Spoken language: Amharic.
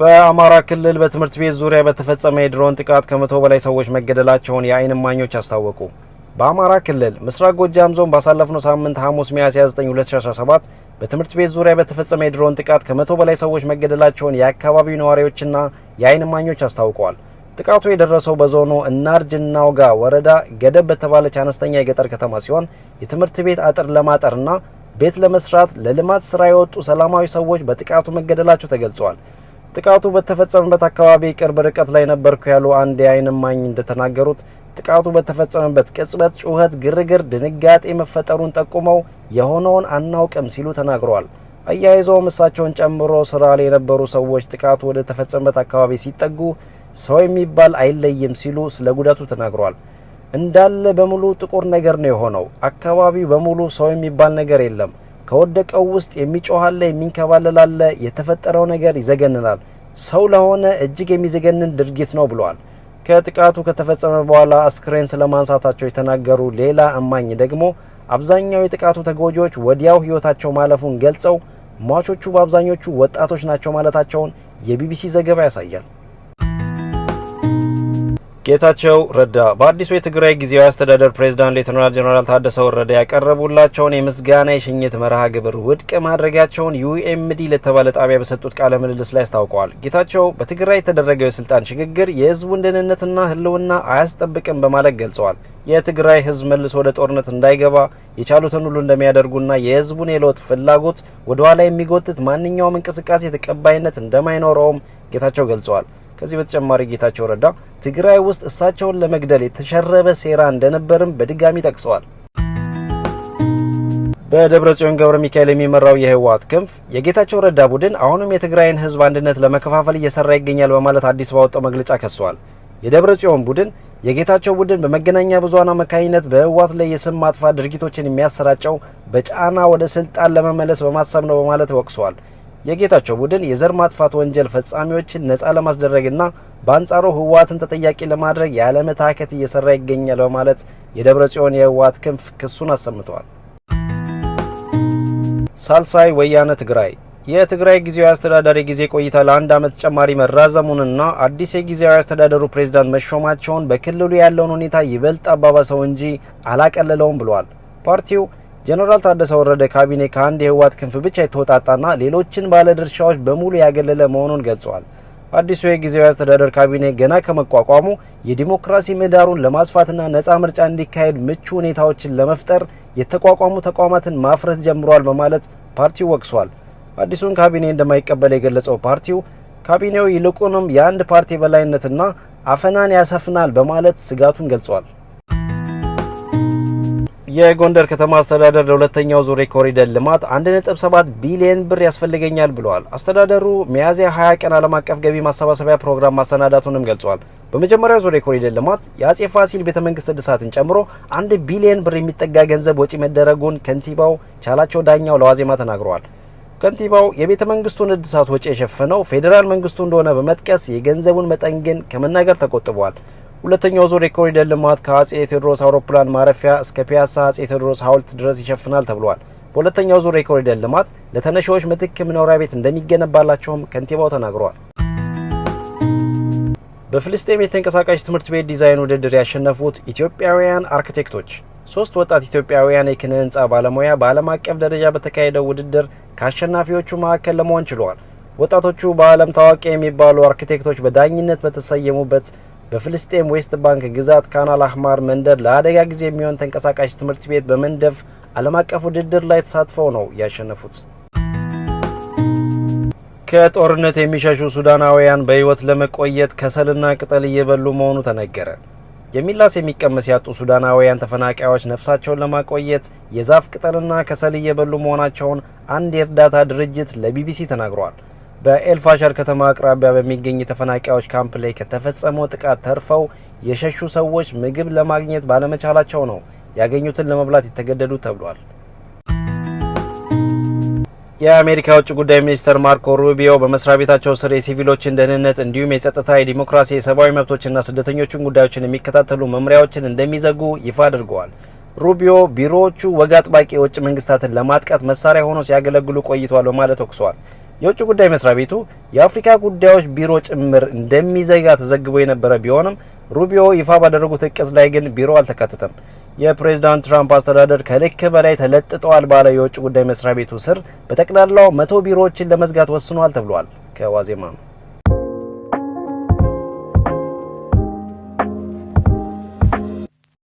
በአማራ ክልል በትምህርት ቤት ዙሪያ በተፈጸመ የድሮን ጥቃት ከመቶ በላይ ሰዎች መገደላቸውን የአይን እማኞች አስታወቁ። በአማራ ክልል ምስራቅ ጎጃም ዞን ባሳለፍነው ሳምንት ሐሙስ ሚያዝያ 9 2017 በትምህርት ቤት ዙሪያ በተፈጸመ የድሮን ጥቃት ከመቶ በላይ ሰዎች መገደላቸውን የአካባቢው ነዋሪዎችና የአይን እማኞች አስታውቀዋል። ጥቃቱ የደረሰው በዞኑ እናርጅናውጋ ወረዳ ገደብ በተባለች አነስተኛ የገጠር ከተማ ሲሆን የትምህርት ቤት አጥር ለማጠርና ቤት ለመስራት ለልማት ስራ የወጡ ሰላማዊ ሰዎች በጥቃቱ መገደላቸው ተገልጿል። ጥቃቱ በተፈጸመበት አካባቢ ቅርብ ርቀት ላይ ነበርኩ ያሉ አንድ የአይን እማኝ እንደተናገሩት ጥቃቱ በተፈጸመበት ቅጽበት ጩኸት፣ ግርግር፣ ድንጋጤ መፈጠሩን ጠቁመው የሆነውን አናውቅም ሲሉ ተናግረዋል። አያይዘውም እሳቸውን ጨምሮ ስራ ላይ የነበሩ ሰዎች ጥቃቱ ወደ ተፈጸመበት አካባቢ ሲጠጉ ሰው የሚባል አይለይም ሲሉ ስለ ጉዳቱ ተናግረዋል። እንዳለ በሙሉ ጥቁር ነገር ነው የሆነው። አካባቢው በሙሉ ሰው የሚባል ነገር የለም። ከወደቀው ውስጥ የሚጮሃለ የሚንከባለላለ የተፈጠረው ነገር ይዘገንናል። ሰው ለሆነ እጅግ የሚዘገንን ድርጊት ነው ብለዋል። ከጥቃቱ ከተፈጸመ በኋላ አስክሬን ስለማንሳታቸው የተናገሩ ሌላ እማኝ ደግሞ አብዛኛው የጥቃቱ ተጎጂዎች ወዲያው ህይወታቸው ማለፉን ገልጸው ሟቾቹ በአብዛኞቹ ወጣቶች ናቸው ማለታቸውን የቢቢሲ ዘገባ ያሳያል። ጌታቸው ረዳ በአዲሱ የትግራይ ጊዜያዊ አስተዳደር ፕሬዚዳንት ሌተናል ጀኔራል ታደሰ ወረደ ያቀረቡላቸውን የምስጋና የሽኝት መርሃ ግብር ውድቅ ማድረጋቸውን ዩኤምዲ ለተባለ ጣቢያ በሰጡት ቃለ ምልልስ ላይ አስታውቀዋል። ጌታቸው በትግራይ የተደረገው የስልጣን ሽግግር የህዝቡን ደህንነትና ህልውና አያስጠብቅም በማለት ገልጸዋል። የትግራይ ህዝብ መልሶ ወደ ጦርነት እንዳይገባ የቻሉትን ሁሉ እንደሚያደርጉና የህዝቡን የለውጥ ፍላጎት ወደኋላ የሚጎትት ማንኛውም እንቅስቃሴ ተቀባይነት እንደማይኖረውም ጌታቸው ገልጸዋል። ከዚህ በተጨማሪ ጌታቸው ረዳ ትግራይ ውስጥ እሳቸውን ለመግደል የተሸረበ ሴራ እንደነበርም በድጋሚ ጠቅሰዋል። በደብረ ጽዮን ገብረ ሚካኤል የሚመራው የህወሀት ክንፍ የጌታቸው ረዳ ቡድን አሁንም የትግራይን ህዝብ አንድነት ለመከፋፈል እየሰራ ይገኛል በማለት አዲስ ባወጣው መግለጫ ከሷል። የደብረ ጽዮን ቡድን የጌታቸው ቡድን በመገናኛ ብዙሃን አማካኝነት በህወሀት ላይ የስም ማጥፋት ድርጊቶችን የሚያሰራጨው በጫና ወደ ስልጣን ለመመለስ በማሰብ ነው በማለት ወቅሷል። የጌታቸው ቡድን የዘር ማጥፋት ወንጀል ፈጻሚዎችን ነጻ ለማስደረግና በአንጻሩ ህወሓትን ተጠያቂ ለማድረግ ያለመታከት እየሰራ ይገኛል በማለት የደብረ ጽዮን የህወሓት ክንፍ ክሱን አሰምተዋል። ሳልሳይ ወያነ ትግራይ የትግራይ ጊዜያዊ አስተዳደር ጊዜ ቆይታ ለአንድ ዓመት ተጨማሪ መራዘሙንና አዲስ የጊዜያዊ አስተዳደሩ ፕሬዝዳንት መሾማቸውን በክልሉ ያለውን ሁኔታ ይበልጥ አባባሰው እንጂ አላቀለለውም ብሏል። ፓርቲው ጀነራል ታደሰ ወረደ ካቢኔ ከአንድ የህወሓት ክንፍ ብቻ የተወጣጣና ሌሎችን ባለድርሻዎች በሙሉ ያገለለ መሆኑን ገልጸዋል። አዲሱ የጊዜያዊ አስተዳደር ካቢኔ ገና ከመቋቋሙ የዲሞክራሲ ምህዳሩን ለማስፋትና ነጻ ምርጫ እንዲካሄድ ምቹ ሁኔታዎችን ለመፍጠር የተቋቋሙ ተቋማትን ማፍረስ ጀምሯል በማለት ፓርቲው ወቅሷል። አዲሱን ካቢኔ እንደማይቀበል የገለጸው ፓርቲው ካቢኔው ይልቁንም የአንድ ፓርቲ በላይነትና አፈናን ያሰፍናል በማለት ስጋቱን ገልጿል። የጎንደር ከተማ አስተዳደር ለሁለተኛው ዙር የኮሪደር ልማት 1.7 ቢሊዮን ብር ያስፈልገኛል ብለዋል። አስተዳደሩ ሚያዝያ 20 ቀን ዓለም አቀፍ ገቢ ማሰባሰቢያ ፕሮግራም ማሰናዳቱንም ገልጿል። በመጀመሪያው ዙር የኮሪደር ልማት የአጼ ፋሲል ቤተ መንግስት እድሳትን ጨምሮ አንድ ቢሊዮን ብር የሚጠጋ ገንዘብ ወጪ መደረጉን ከንቲባው ቻላቸው ዳኛው ለዋዜማ ተናግረዋል። ከንቲባው የቤተ መንግስቱን እድሳት ወጪ የሸፈነው ፌዴራል መንግስቱ እንደሆነ በመጥቀስ የገንዘቡን መጠን ግን ከመናገር ተቆጥቧል። ሁለተኛው ዙር የኮሪደር ልማት ከአጼ ቴዎድሮስ አውሮፕላን ማረፊያ እስከ ፒያሳ አጼ ቴዎድሮስ ሐውልት ድረስ ይሸፍናል ተብሏል። በሁለተኛው ዙር የኮሪደር ልማት ለተነሺዎች ምትክ መኖሪያ ቤት እንደሚገነባላቸውም ከንቲባው ተናግሯል። በፍልስጤም የተንቀሳቃሽ ትምህርት ቤት ዲዛይን ውድድር ያሸነፉት ኢትዮጵያውያን አርክቴክቶች ሶስት ወጣት ኢትዮጵያውያን የኪነ ህንፃ ባለሙያ በዓለም አቀፍ ደረጃ በተካሄደው ውድድር ከአሸናፊዎቹ መካከል ለመሆን ችለዋል። ወጣቶቹ በዓለም ታዋቂ የሚባሉ አርክቴክቶች በዳኝነት በተሰየሙበት በፍልስጤም ዌስት ባንክ ግዛት ካናል አህማር መንደር ለአደጋ ጊዜ የሚሆን ተንቀሳቃሽ ትምህርት ቤት በመንደፍ ዓለም አቀፍ ውድድር ላይ ተሳትፈው ነው ያሸነፉት። ከጦርነት የሚሸሹ ሱዳናውያን በሕይወት ለመቆየት ከሰልና ቅጠል እየበሉ መሆኑ ተነገረ። የሚላስ የሚቀመስ ያጡ ሱዳናውያን ተፈናቃዮች ነፍሳቸውን ለማቆየት የዛፍ ቅጠልና ከሰል እየበሉ መሆናቸውን አንድ የእርዳታ ድርጅት ለቢቢሲ ተናግሯል። በኤልፋሻር ከተማ አቅራቢያ በሚገኝ የተፈናቃዮች ካምፕ ላይ ከተፈጸመው ጥቃት ተርፈው የሸሹ ሰዎች ምግብ ለማግኘት ባለመቻላቸው ነው ያገኙትን ለመብላት የተገደዱ ተብሏል። የአሜሪካ የውጭ ጉዳይ ሚኒስትር ማርኮ ሩቢዮ በመስሪያ ቤታቸው ስር የሲቪሎችን ደህንነት እንዲሁም የጸጥታ፣ የዲሞክራሲ፣ የሰብአዊ መብቶችና ስደተኞችን ጉዳዮችን የሚከታተሉ መምሪያዎችን እንደሚዘጉ ይፋ አድርገዋል። ሩቢዮ ቢሮዎቹ ወግ አጥባቂ የውጭ መንግስታትን ለማጥቃት መሳሪያ ሆነው ሲያገለግሉ ቆይተዋል በማለት ወቅሰዋል። የውጭ ጉዳይ መስሪያ ቤቱ የአፍሪካ ጉዳዮች ቢሮ ጭምር እንደሚዘጋ ተዘግቦ የነበረ ቢሆንም ሩቢዮ ይፋ ባደረጉት እቅድ ላይ ግን ቢሮ አልተካተተም። የፕሬዝዳንት ትራምፕ አስተዳደር ከልክ በላይ ተለጥጠዋል ባለ የውጭ ጉዳይ መስሪያ ቤቱ ስር በጠቅላላው መቶ ቢሮዎችን ለመዝጋት ወስኗል ተብሏል። ከዋዜማ